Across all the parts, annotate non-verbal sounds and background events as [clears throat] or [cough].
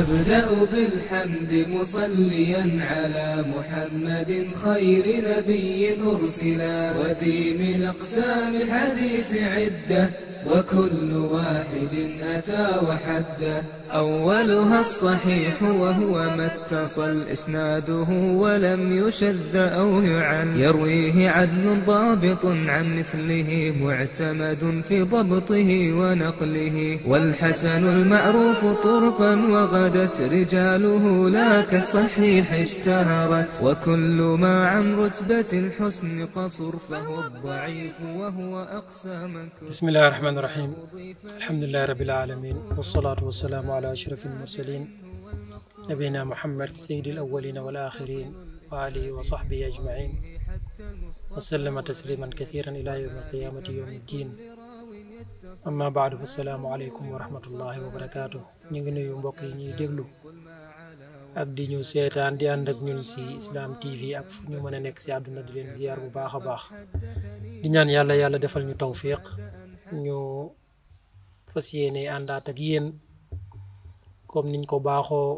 أبدأ بالحمد مصليا على محمد خير نبي أرسلا وذي من أقسام الحديث عدة وكل واحد أتى وحده أولها الصحيح وهو ما اتصل إسناده ولم يشذ أو يعل يرويه عدل ضابط عن مثله معتمد في ضبطه ونقله والحسن المعروف طرقا وغدت رجاله لا كالصحيح اشتهرت وكل ما عن رتبة الحسن قصر فهو الضعيف وهو أقسى من بسم الله الرحمن rahmaani rahiim alhamdulilahi rabil alamin wasalaatu wasalaamu ala ashraf almursalin nabiyina muhammad sayidi alawalina wal axirin wa alihi wa sahbihi ajmain wa sallama tasliman kathiran ila yowm alqiyamati yowm ddin amma baadu fa salaamu aleykum wa rahmatullahi wa barakaatu ñu ngi nuyu mbokk yi ñuy déglu ak di ñu seetaan di ànd ak ñun si Islam TV ak fu ñu mën a nekk si àdduna di leen ziyaar bu baax a baax di ñaan yàlla yàlla defal ñu tawfiq Mm-hmm. ñu fas yéene àndaat ak yéen comme niñ ko baaxoo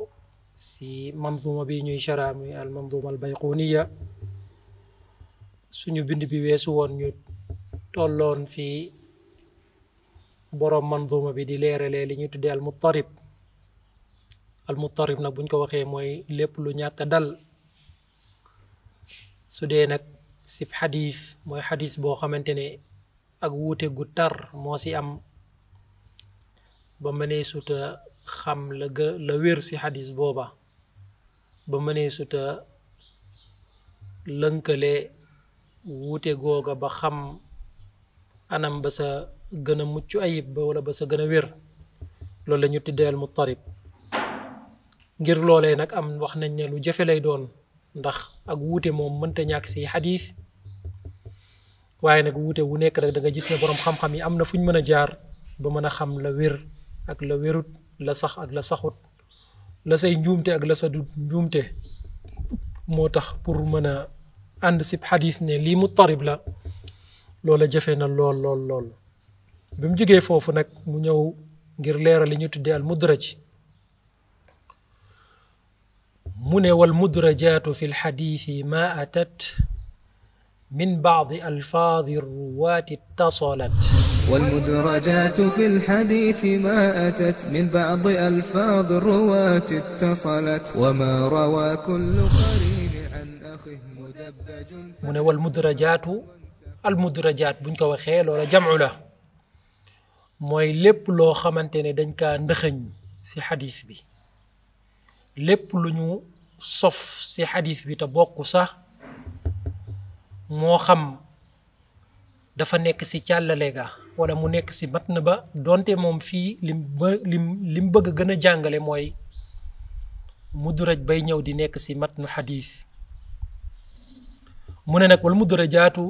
si manzuma bi ñuy chara muy al manzuma al bayquniya suñu bind bi weesu woon ñu tolloon fii boroom manzuma bi di leeralee li ñu tuddee al muttarib al muttarib nag buñ ko waxee mooy lépp lu ñàkk dal su dee nag sib xadis mooy xadis boo xamante ne ak wuute gu tar moo ci am ba mënee suta xam la gë la wér ci xadis booba ba mënee suta lënkale wuute googa ba xam anam ba sa gën a mucc ayib ba wala ba sa gën a wér loolu la ñu tuddee al ngir loolee nag am wax nañ ne lu jafe lay doon ndax ak wuute moom mënta ñàkk ci xadis waaye nag wuute wu nekk rek da nga gis ne borom xam-xam yi am na fu ñu mën a jaar ba mën a xam la wér ak la wérut la sax ak la saxut la say njuumte ak la sa du njuumte moo tax pour mën a ànd si xadis ne lii mutarib la loola jafe na lool lool lool bi mu jógee foofu nag mu ñëw ngir leeral li ñu tuddee al mudraj mu ne wal mudrajaatu fi lxadiisi ma atat من بعض ألفاظ الرواة اتصلت والمدرجات في الحديث ما أتت من بعض ألفاظ الرواة اتصلت وما روى كل قرين عن أخيه مدبج من والمدرجات المدرجات بنك وخيل ولا جمع له mooy lépp loo xamante ne dañ kaa ndëxëñ ci xadis bi lépp lu ñu sof ci xadis bi te bokk sax moo xam dafa nekk si càllale ga wala mu nekk si matn ba donte moom fii lim ba lim lim bëgg gën a jàngale mooy mudraj bay ñëw di nekk si matnu xadiis mu ne nag wal mudrajaatu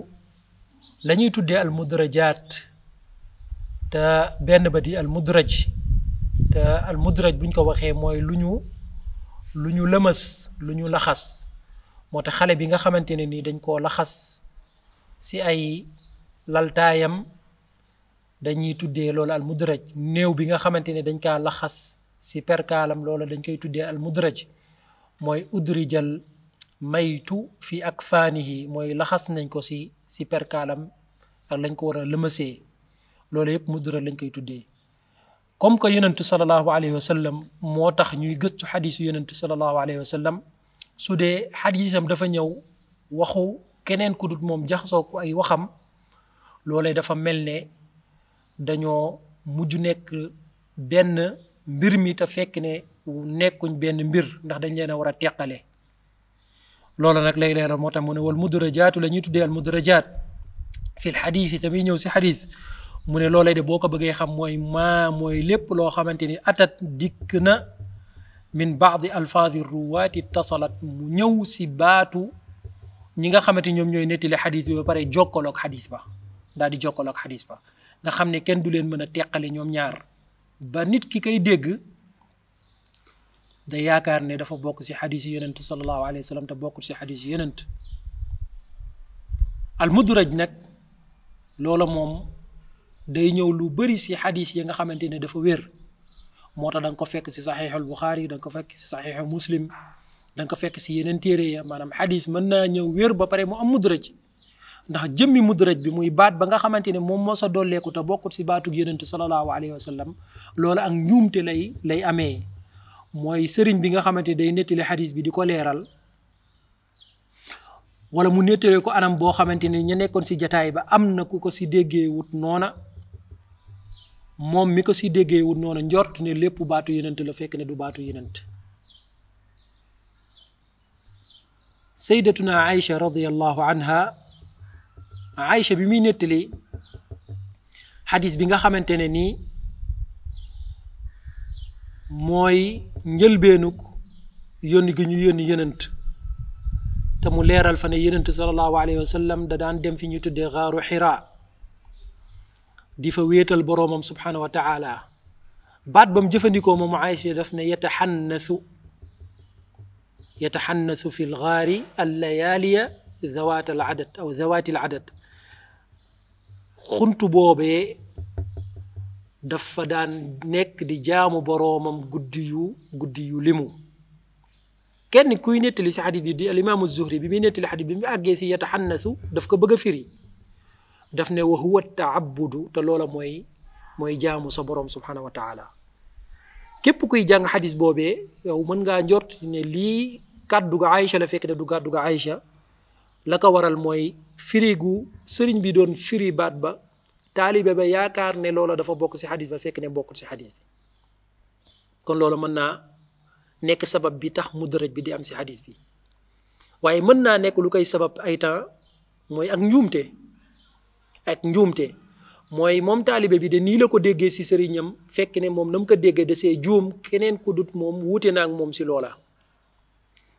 la ñuy tuddee al mudrajaat te benn ba di al mudraj te al mudraj buñ ko waxee mooy lu ñu lu ñu lëmas lu ñu laxas moo tax xale bi nga xamante ne nii dañ koo laxas si ay laltaayam dañuy tuddee loolu al mudraj néew bi nga xamante ni dañ kaa laxas si perkaalam loola dañ koy tuddee al mudraj mooy udrijal maytu fi ak faanihi mooy laxas nañ ko si si perkaalam ak lañ ko war a lëmasee loolu yëpp mudraj lañ koy tuddee comme que yonentu sallallahu alayhi wa sallam moo tax ñuy gëstu xadisu yonentu sallallahu alayhi wa sallam su dee xadiisam dafa ñëw waxu keneen ku dut moom jaxasoo ko ay waxam loolee dafa mel ne dañoo mujj nekk benn mbir mi te fekk ne nekkuñ benn mbir ndax dañ leen a war a teqale loolu nag lay leeral moo tax mu ne wal mudarajaatu la ñuy tuddee al mudarajaat fi l xadiis yi tamit ñëw si xadiis mu ne loolee de boo ko bëggee xam mooy maa mooy lépp loo xamante ni atat dikk na min baadi alfaadi ruwaati tasalat mu ñëw si baatu ñi nga xamante ñoom ñooy nettali xadis bi ba pare jokkaloog xadis ba daal di jokkaloog xadis ba nga xam ne kenn du leen mën a teqale ñoom ñaar ba nit ki kay dégg da yaakaar ne dafa bokk si xadis yi yonent sallallahu alayhi wa sallam te bokkul si xadis yi yonent almudraj nag loola moom day ñëw lu bëri si xadis yi nga xamante ne dafa wér moo tax da nga ko fekk si saxiixul Buxaari da nga ko fekk si saxiixu Muslim da nga ko fekk si yeneen téere ya maanaam xadis mën naa ñëw wér ba pare mu am mudraj ndax jëmmi mudraj bi muy baat ba nga xamante ne moom moo sa dolleeku te bokkut si baatug yonent sallallahu alayhi wa sallam loolu ak njuumte lay lay amee mooy sëriñ bi nga xamante ne day nettali xadis bi di ko leeral wala mu nettalee ko anam boo xamante ne ñu nekkoon si jataay ba am na ku ko si déggee noona moom mi ko si déggee wut noonu njort ne lépp baatu yenent la fekk ne du baatu yenent saydatuna aïcha radiallahu anha aïcha bi muy nettali xadis bi nga xamante ne nii mooy njëlbeenug yónni gi ñu yónni yenent te leeral fa ne yenent sallallahu alayhi wa sallam da daan dem fi ñu tuddee xaaru xiraa di fa wéetal boroomam subhanahu wa taala baat ba mu jëfandikoo moomu Aïcha daf ne yataxannasu yataxannasu fi lgaari allayaaliya zawaat al adad aw zawaati al adad xunt boobee dafa daan nekk di jaamu boroomam guddi yu guddi yu limu kenn kuy nettali si xadis bi di alimaamu zuhri bi muy nettali xadis bi mu àggee si yataxannasu daf ko bëgg a firi daf ne wa huwa taabudu te loola mooy mooy jaamu sa borom subhanahu wa taala képp kuy jàng xadis boobee yow mën ngaa jot ne lii kàddu ga Aïcha la fekk la ko waral mooy firi gu sëriñ bi doon firi baat ba taalibe ba yaakaar ne loola dafa bokk si xadis ba fekk ne bokkul si xadis bi kon loolu mën naa nekk sabab bi tax mudaraj bi di am si xadis bi waaye mën naa nekk lu koy sabab ay temps mooy ak njuumte ak njuumte mooy moom taalibe bi de nii la ko déggee si sëriñam fekk ne moom nam mu ko déggee da see juum keneen ku dut moom wuute naa ak moom si loola.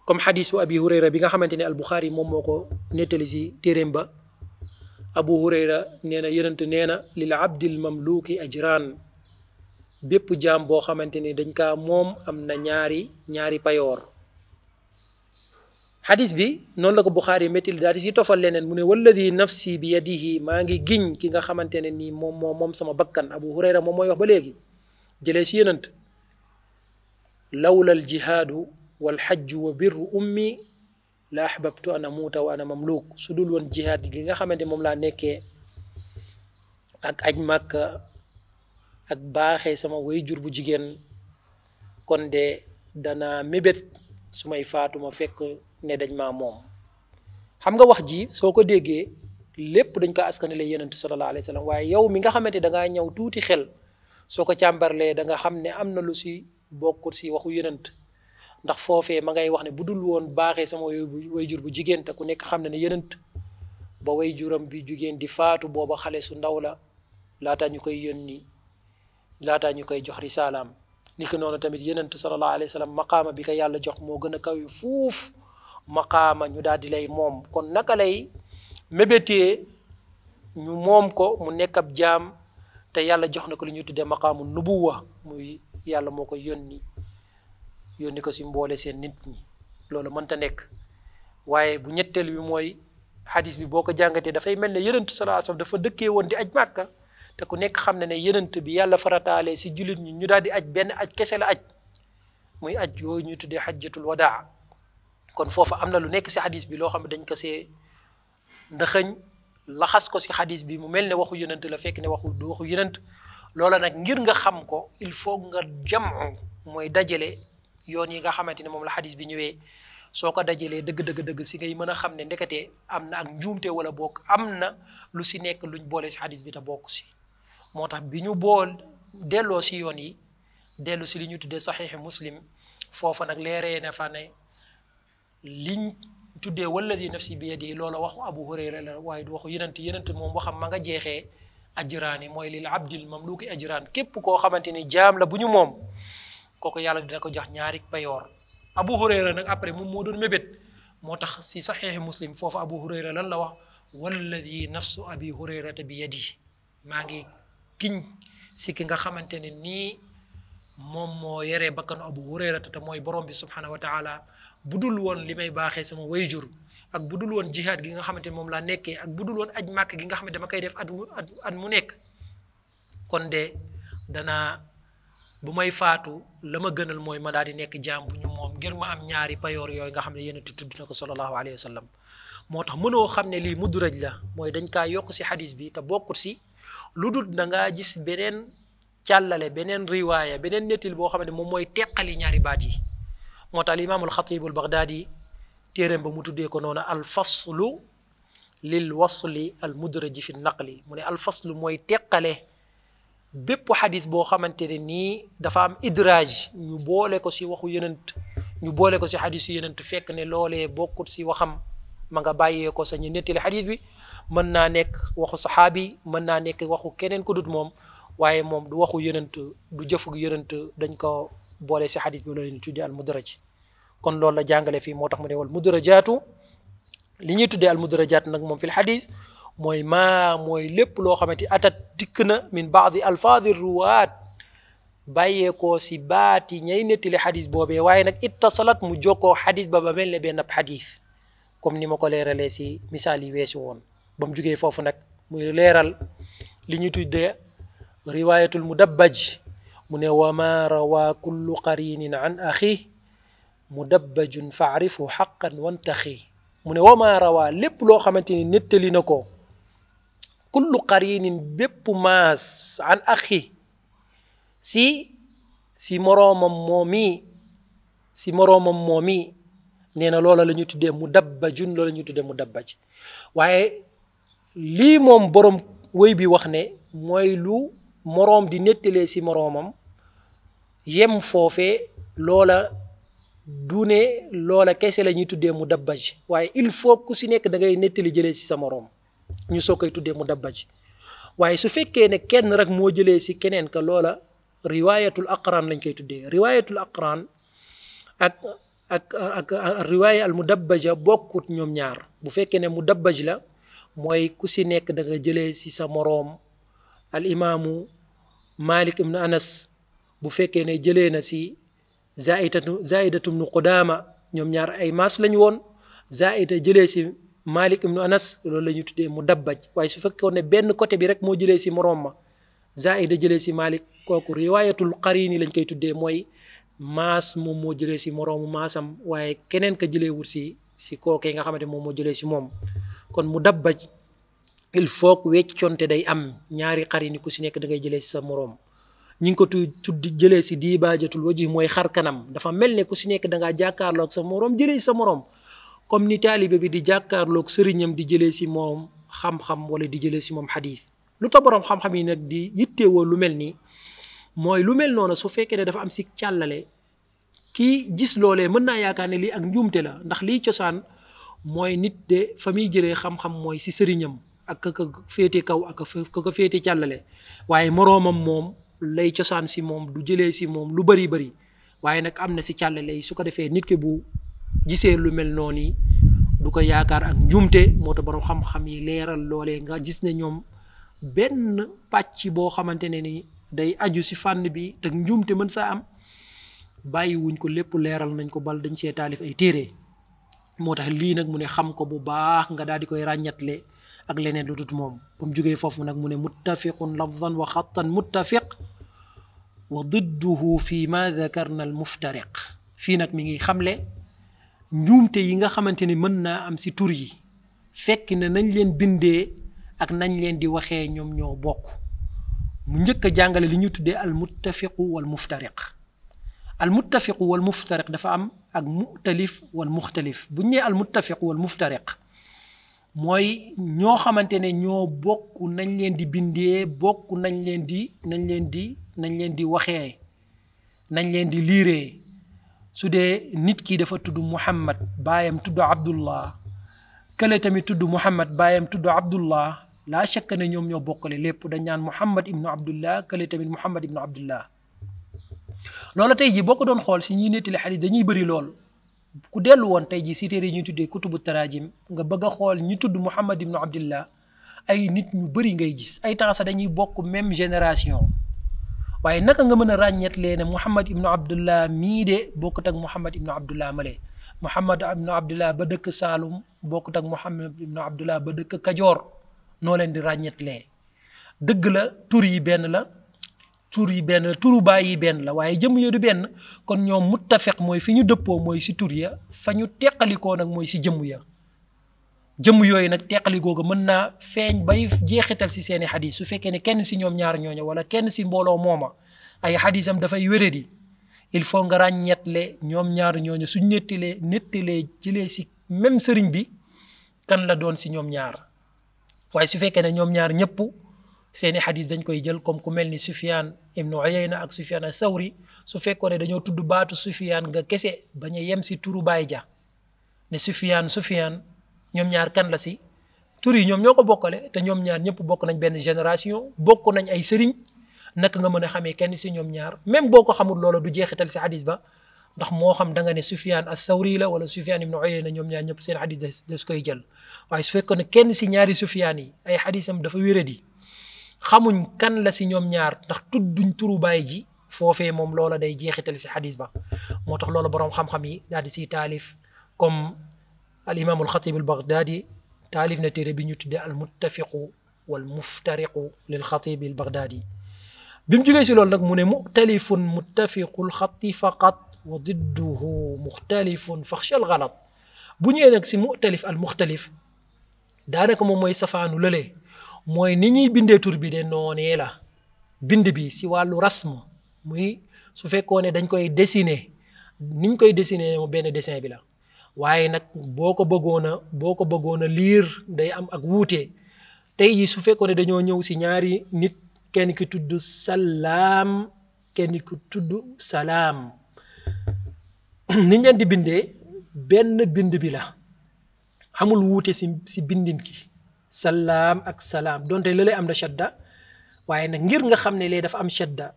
comme xadisu abi hurayra bi nga xamante ne albuxaari moom moo ko nettali si téeréem ba abu hurayra nee na yonent nee na lil abdil mamluuki jiraan bépp jaam boo xamante ne dañ kaa moom am na ñaari ñaari payoor xadis bi noonu la ko Buxaari métti daal di si tofal leneen mu ne walladi nafsi bi yadihi maa ngi giñ ki nga xamante ne nii moom moo moom sama bakkan Abu Hurayra moom mooy wax ba léegi jëlee si yenant lawla al wa wal xajju wa birru ummi la ahbabtu an amuuta wa ana mamluuk su dul woon jihaad gi nga xamante moom laa nekke ak aj màkka ak baaxe sama waajur bu jigéen kon de dana mébét su may faatuma fekk ne dañ maa moom xam nga wax ji soo ko déggee lépp dañ ko askanale yonent sallallahu alayhi wa sallam waaye yow nga xamante da ngaa tuuti xel soo ko càmbarlee da nga xam ne am na lu si bokkul si waxu yonent ndax foofee ma ngay wax ne bu dul woon baaxee sama wayjur bu ku nekk xam na ne yonent ba wayjuram bi jigéen di faatu booba xale su ndaw la laataa ñu koy yónni laataa ñu koy jox risaalaam ni ko noonu tamit yonent sallallahu alayhi wa sallam bi ko yàlla jox moo gën a kawe fuuf maqaama ñu daal di lay moom kon naka lay mébétee ñu moom ko mu nekk ab jaam te yàlla jox na ko lu ñuy tuddee maqaamu nubuwa muy yàlla moo ko yónni yónni ko si mboole seen nit ñi loolu mënta nekk waaye bu ñetteel bi mooy xadis bi boo ko jàngatee dafay mel ne yonent sallallahu dafa dëkkee woon di aj màkka te ku nekk xam ne ne yonent bi yàlla farataalee si jullit ñi ñu daal di aj benn aj kese la aj muy aj yooyu ñuy tuddee xajjatul wadaa kon foofa am na lu nekk si xadis bi loo xam ne dañ ko see ndaxëñ laxas ko si xadis bi mu mel ne waxu yonent la fekk ne waxu du waxu yonent loola nag ngir nga xam ko il faut nga jamu mooy dajale yoon yi nga xamante ne moom la xadis bi ñëwee soo ko dajalee dëgg dëgg dëgg si ngay mën a xam ne ndeketee am na ak njuumte wala bokk am na lu si nekk luñ boole si xadis bi te bokk si moo tax bi ñu bool delloo si yoon yi dellu si li ñu tuddee saxiixi muslim foofa nag leeree na fa ne liñ tuddee walladi nafsi bi yadihi loola waxu abu hurayra la waaye du waxu yenent yenent moom waxam ma nga jeexee ajraani mooy lil abdil mamluki ajraan képp koo xamante ni jaam la bu ñu moom ko kooku yàlla dina ko jox ñaari payoor abu hurayra nag après moom moo doon mébét moo tax si saxiixi muslim foofu abu hurayra lan la wax walladi nafsu abi hurayrata bi yadihi maa ngi giñ si ki nga xamante ne nii moom moo yore bakkanoo abu hurayra te mooy borom bi subhanahu wa taala bu dul woon li may baaxee sama wayjur ak bu dul woon jihaad gi nga xamante ne moom laa nekkee ak bu dul woon aj màkk gi nga xam ne dama koy def at at mu nekk kon de danaa bu may faatu la ma gënal mooy ma daal di nekk jaam bu ñu moom ngir ma am ñaari payoor yooyu nga xam ne yéen a tudd na ko sallallahu alayhi wa sallam moo tax mënoo xam ne lii mudraj la mooy dañ kaa yokk si xadis bi te bokkut si lu dul da ngaa gis beneen càllale beneen riwaaya beneen nettil boo xam ne moom mooy teqali ñaari baat yi moo tax imaamul xatibul bagdaadi téeréem ba mu tuddee ko noonu al alfaslu lil wasli al mudraji fi naqli mu ne alfaslu mooy teqale bépp xadis boo xamante ne nii dafa am idraaj ñu boole ko si waxu yenent ñu boole ko si xadis yu fekk ne loole bokkut si waxam ma nga bàyyee ko sa ñu nettali xadis bi mën naa nekk waxu saxaabi mën naa nekk waxu keneen ku dut moom waaye moom du waxu yonent du jëfug yonent dañ ko boole si xadis bi loolu ñu tuddee al mudraj kon loolu la jàngale fii moo tax mu ne wal mudrajaatu li ñuy tuddee al mudrajaat nag moom fil xadis mooy maa mooy lépp loo xamante atat dikk na min baadi alfaadi ruwaat bàyyeekoo si baat baati ñay nettali xadis boobee waaye nag ittasalat mu jokkoo xadis ba ba mel ne benn xadis comme ni ma ko leeralee si misaal yi weesu woon ba mu jugee foofu nag muy leeral li ñuy tuddee riwayatul mudabbaj mu ne wama rawa kullu qarinin an axi mudabbajun faarifu xaqan wantaxi mu ne wama rawa lépp loo xamante ni nettali na ko kullu qarinin bépp maas an axi si si moroomam moomi si moroomam moomi nee na loola la ñu tuddee mudabbajun loola la ñu tuddee mudabbaj waye lii moom borom woy bi wax ne mooy lu moroom di nettalee si moroomam yem foofe loola du loola kese lañuy tuddee mu dabbaj waaye il faut ku si nekk da ngay nettali jëlee si sa moroom ñu soo koy tuddee mu dabbaj waaye su fekkee ne kenn rek moo jëlee si keneen ka loola riwaayatul aqran lañ koy tuddee riwaayatul aqran ak ak ak riwaaya al mudabbaja bokkut ñoom ñaar bu fekkee ne mudabbaj la mooy ku si nekk da nga jëlee si sa moroom al imaamu malik ibnu anas bu fekkee ne jëlee na si zaidatu zaidatu ibnu qudaama ñoom ñaar ay maas lañu woon zaida jëlee si malik ibnu anas loolu la ñu tuddee mu dabbaj waaye su fekkoon ne benn côté bi rek moo jëlee si moroom ma zaida jëlee si malik kooku riwaayatul qarini lañ koy tuddee mooy maas moom moo jëlee si moroomu maasam waaye keneen ka jëlee wut si si kookee nga xamante moom moo jëlee si moom kon mu dabbaj il faut que wecconte day am ñaari xar yi ni ku si nekk da ngay jëlee si sa moroom ñi ngi ko tu tudd jëlee si diibaajatul wajhi mooy xar kanam dafa mel ne ku si nekk da ngaa sa moroom jëlee si sa moroom comme ni taalibe bi di jàkkaarloog sëriñam di jëlee si moom xam-xam wala di jëlee si moom xadiis lu tax boroom xam-xam yi nag di yittewoo lu mel nii mooy lu mel noonu su fekkee ne dafa am si càllale kii gis loolee mën naa yaakaar ne lii ak njuumte la ndax lii cosaan mooy nit de fa muy xam-xam mooy si sëriñam ak ka ka féete kaw ak ka ka féete càllale waaye moroomam moom lay cosaan si moom du jëlee si moom lu bari bari waaye nag am na si càllale yi su ko defee nit ki bu gisee lu mel noonu yi du ko yaakaar ak njuumte moo tax borom xam-xam yi leeral loolee nga gis ne ñoom benn pàcc boo xamante ne ni day aju si fànn bi te njuumte mën sa am bàyyiwuñ ko lépp leeral nañ ko bal dañ see taalif ay téere moo tax lii nag mu ne xam ko bu baax nga daal di koy ràññatle ak leneen lu dut moom ba mu jógee foofu nag mu ne muttafiqun lafdan wa xattan muttafiq wa didduhu fi ma na al muftariq fii nag mi ngi xamle njuumte yi nga xamante ni mën naa am si tur yi fekk na nañ leen bindee ak nañ leen di waxee ñoom ñoo bokk mu njëkk a jàngale li ñu tuddee al muttafiqu wal muftariq al muttafiqu wal muftariq dafa am ak mu'talif wal muxtalif bu ñu nee al muttafiqu wal muftariq mooy ñoo xamante ne ñoo bokk nañ leen di bindee bokk nañ leen di nañ leen di nañ leen di waxee nañ leen di liiree su dee nit ki dafa tudd Muhammad baayam tudd Abdullah kële tamit tudd Muhammad baayam tudd Abdullah laa shakka ne ñoom ñoo bokkale lépp dañ naan Muhammad ibnu Abdullah kële tamit Muhammad ibnu Abdullah loolu tey jii boo ko doon xool si ñuy nettali xadis dañuy bari lool ku delluwoon tey jii si téere yi ñu tuddee kutubu tarajim nga bëgg a xool ñu tudd Muhammad ibnu Abdillah ay nit ñu bëri ngay gis ay temps dañuy bokk même génération waaye naka nga mën a ràññeet lee ne Muhammad ibnu Abdullah mii de bokkut ak Muhammad ibnu Abdullah male Muhammad ibnu Abdullah ba dëkk Saalum bokkut ak Muhammad ibnu Abdullah ba dëkk Kajoor noo leen di ràññeetle dëgg la tur yi benn la tur yi benn turu baay yi benn la waaye jëmm ya du benn kon ñoom muttafiq mooy fi ñu dëppoo mooy si tur ya fa ñu teqalikoo nag mooy si jëmm ya jëmm yooyu nag teqalikoo ko mën naa feeñ bay jeexital si seeni xadis su fekkee ne kenn si ñoom ñaar ñooña wala kenn si mbooloo mooma ay xadisam dafay wéradi il faut nga ràññeetle ñoom ñaar ñooña suñ nettalee nettalee jëlee si même sëriñ bi kan la doon si ñoom ñaar waaye su fekkee ne ñoom ñaar ñëpp seeni xadis dañ koy jël comme ku mel ni Sufyaan ibnu Uyayna ak Sufyaan ath-Thawri su fekkoon ne dañoo tudd baatu Sufyaan nga kese bañ yem si turu baay ja ne Sufyaan Sufyaan ñoom ñaar kan la si tur yi ñoom ñoo ko bokkale te ñoom ñaar ñëpp bokk nañ benn génération bokk nañ ay sëriñ naka nga mën a xamee kenn si ñoom ñaar même boo ko xamul loola du jeexital si xadis ba ndax moo xam da nga ne Sufyaan ath-Thawri la wala Sufyaan ibnu ñoom ñaar ñëpp seen xadis des koy jël waaye su fekkoon ne kenn si ñaari Sufyaan yi ay xadisam dafa wéradi xamuñ kan la si ñoom ñaar ndax tudduñ turu baay ji foofee moom loola day jeexital si xadis ba moo tax loola boroom xam-xam yi daal di siy taalif comme al imaam al xatib al baghdadi taalif na téere bi ñu tudde al muttafiqu wal muftariqu lil xatib al baghdadi bi mu jógee si lool nag mu ne muxtalifun muttafiqul xati faqat wa didduhu muxtalifun faxshal galat bu ñëwee nag si muxtalif al daanaka moom mooy safaanu lëlee mooy ni ñuy bindee tur bi de noonee la bind bi si wàllu rasm muy su fekkoo ne dañ koy dessiner niñ koy dessiner mu benn dessin bi la waaye nag boo ko bëggoon a boo ko bëggoon a liir day am ak wuute tey yi su fekkoo ne dañoo ñëw si ñaari nit kenn ki tudd salaam kenn ki tudd salaam [clears throat] niñ leen di bindee benn bind bi la amul wuute si si bindin ki salaam ak salaam donte lële am na shadda waaye nag ngir nga xam ne lee dafa am shadda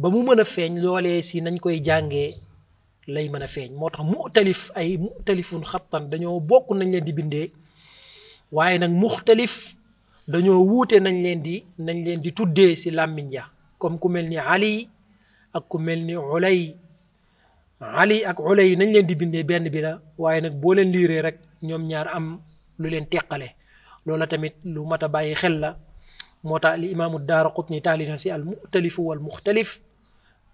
ba mu mën a feeñ loolee si nañ koy jànge lay mën a feeñ moo tax muxtalif ay muxtalifun xattan dañoo bokk nañ leen di bindee waaye nag muxtalif dañoo wuute nañ leen di nañ leen di tuddee si làmmiñ ya comme ku mel ni ali ak ku mel ni ulay ali ak ulay nañ leen di bindee benn bi la waaye nag boo leen liiree rek ñoom ñaar am lu leen teqale loola tamit lu mat a bàyyi xel la moo tax li imaamu Daaraqutni taali na si al mutalifu wal muxtalif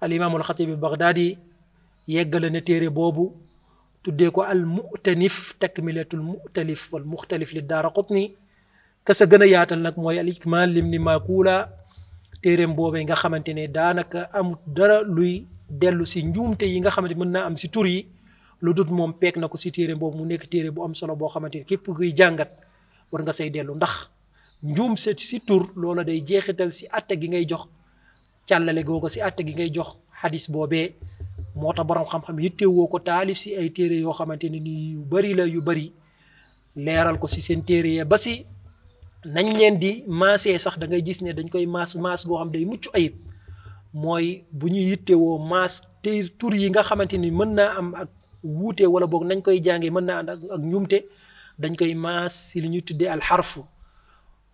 al imaamul xatibi bagdaadi yeggale na téere boobu tuddee ko al mutanif takmilatul mutalif wal muxtalif li Daaraqutni kasa gën yaatal nag mooy al ikmaal lim ni maakuula téereem boobee nga xamante ne daanaka am dara luy dellu si njuumte yi nga xamante mën naa am si tur yi lu dut moom peeg na ko si téere boobu mu nekk téere bu am solo boo xamante ne képp kuy jàngat war nga say dellu ndax njuum set si tur loola day jeexital si atte gi ngay jox càllale googa si atte gi ngay jox xadis boobee moo tax borom xam-xam yittewoo ko taalif si ay téere yoo xamante ne nii yu bari la yu bari leeral ko si seen téere ya ba si nañ leen di maasee sax da ngay gis ne dañ koy maas maas goo xam day mucc ayib mooy bu ñuy yittewoo maas te tur yi nga xamante ni mën naa am ak wuute wala boog nañ koy jàngee mën naa am ak njumte dañ koy maas si li ñuy tuddee alxarfu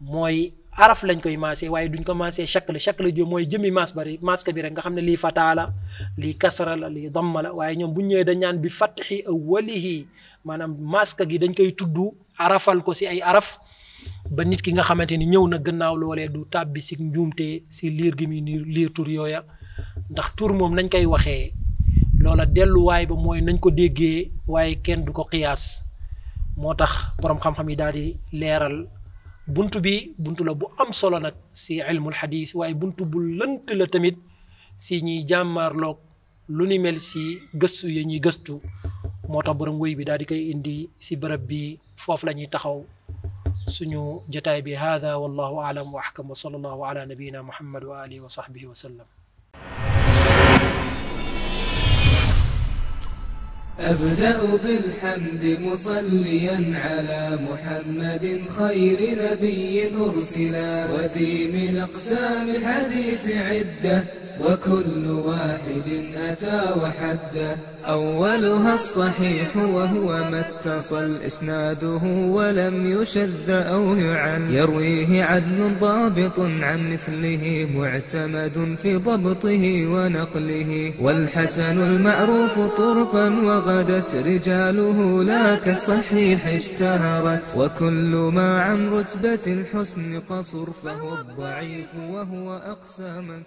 mooy araf lañ koy maasee waaye duñ ko maasee shakl shakl jo mooy jëmi maas bari maas ka bi nga xam ne lii fataa la lii kasra la lii damma la waaye ñoom bu ñëwee dañ ñaan bi fatxi awwalihi maanaam maas gi dañ koy tudd arafal ko si ay araf ba nit ki nga xamante ni ñëw na gannaaw loolee du tàbbi si njuumtee si liir gi muy liir tur yooya ndax tur moom nañ koy waxee loola delluwaay ba mooy nañ ko déggee waaye kenn du ko qiyaas moo tax boroom xam-xam yi daal di leeral bunt bi bunt la bu am solo nag si ilmul xadis buntu bu lënt tamit si ñiy jàmmaarloog lu ni mel si gëstu ya ñuy gëstu moo tax boroom wéy bi daal di koy indi si barab bi foofu la ñuy taxaw suñu jotaay bi hada wallahu aalam wa ahkam wa sallallahu ala nabiyina muhammad wa alihi wa sahbihi wa sallam أبدأ بالحمد مصليا على محمد خير نبي أرسلا وذي من أقسام الحديث عدة وكل واحد أتى وحده أولها الصحيح وهو ما اتصل إسناده ولم يشذ أو يعن يرويه عدل ضابط عن مثله معتمد في ضبطه ونقله والحسن المعروف طرقا وغدت رجاله لا كالصحيح اشتهرت وكل ما عن رتبة الحسن قصر فهو الضعيف وهو أقسى من